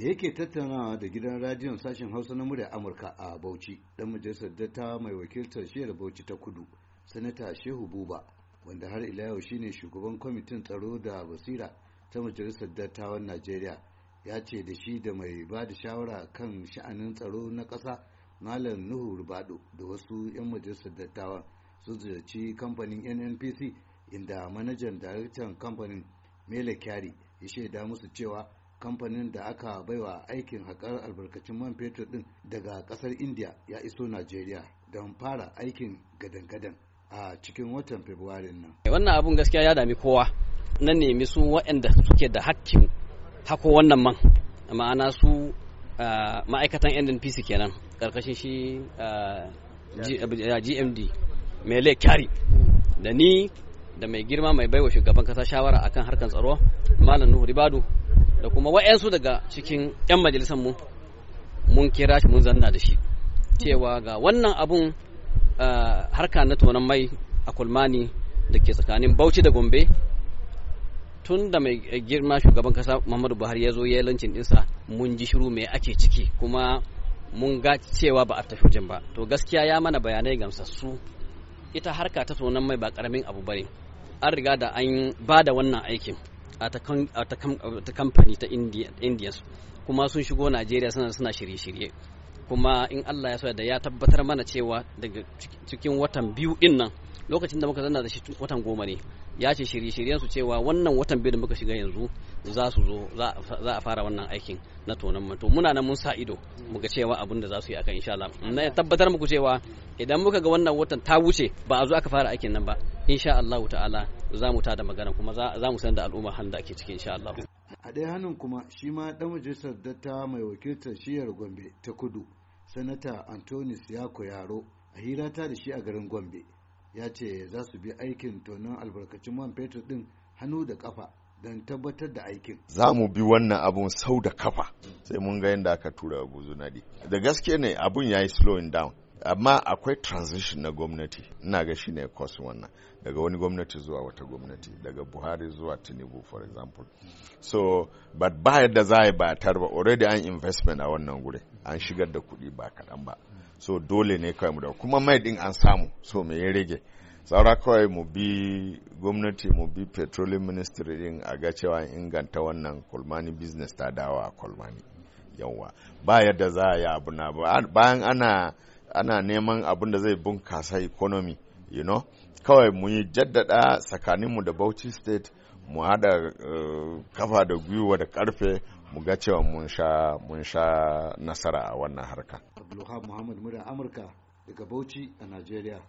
da yake tattaunawa da gidan radiyon sashen hausa na murya amurka a bauchi dan majalisar datta mai wakiltar shiyar bauchi ta kudu sanata shehu buba wanda har ila yau shine shugaban kwamitin tsaro da basira ta majalisar dattawan najeriya ya ce da shi da mai ba da shawara kan sha'anin tsaro na ƙasa malam nuhu rubado da wasu 'yan majalisar dattawan sun ziyarci kamfanin nnpc inda manajan daraktan kamfanin mele kyari ya shaida musu cewa kamfanin da aka baiwa aikin haƙar albarkacin man fetur din daga ƙasar india ya iso najeriya don fara aikin gadan-gadan a cikin watan Fabrairu nan eh, wannan abun gaskiya ya dami kowa na nemi su waɗanda suke da hakkin hako wannan man ma'ana su ah, ma'aikatan ndpc kenan ƙarƙashin shi ah, gmd eh, ah, mele kyari da ni da mai girma mai baiwa shugaban kasa shawara akan harkar tsaro malam nuhu ribadu da kuma wa'yansu daga cikin 'yan majalisar mu mun kira shi mun zanna da shi cewa ga wannan abun harka na tonon mai a kulmani da ke tsakanin bauchi da gombe tun da mai girma shugaban kasa muhammadu buhari ya zo ya lancin dinsa mun ji shiru mai ake ciki kuma mun ga cewa ba a tafi wajen ba to gaskiya ya mana bayanai gamsassu ita harka ta tonon mai ba karamin abu bane an riga da an ba da wannan aikin a ta kamfani ta indians kuma sun shigo najeriya suna shirye-shirye kuma in allah ya so da ya tabbatar mana cewa daga cikin watan biyu din nan lokacin da muka zanna da shi watan goma ne ya ce shirye-shiryen su cewa wannan watan biyu da muka shiga yanzu za su zo za a fara wannan aikin na tonan mato muna nan mun sa ido muka cewa abin da za su yi akan insha Allah na ya tabbatar muku cewa idan muka ga wannan watan ta wuce ba a zo aka fara aikin nan ba insha Allah ta'ala za mu tada magana kuma za mu san da al'umma halin da ake cikin insha Allah a ɗaya hannun kuma shi ma ɗan majalisar datta mai wakiltar shiyar gombe ta kudu sanata antonis siyako yaro a hira ta da shi a garin gombe ya ce za su bi aikin tonon albarkacin man fetur ɗin hannu da kafa don tabbatar da aikin za mu bi wannan abun sau da kafa sai mun ga yadda aka tura abu zunadi da gaske ne abun ya yi slowing down amma akwai transition na gwamnati ina ga shi shine cause wannan daga wani gwamnati zuwa wata gwamnati daga buhari zuwa tinubu for example so but ba yadda za a ba tarba already an investment a wannan gure an shigar da kuɗi ba kaɗan ba so dole ne kawai mu da kuma mai din an samu so me ya rage saura kawai mu bi gwamnati mu bi petroleum ministry din a ga cewa inganta wannan kulmani business ta dawa a kulmani yawa ba yadda za a yi abu na bayan ana ana neman abin da zai bunkasa economy you know kawai mu yi jaddada tsakaninmu da bauchi state mu hada eh, kafa da gwiwa da karfe mu ga cewa mun sha mun sha nasara a wannan harka Abdulhamid muhammad murya amurka daga bauchi a Najeriya.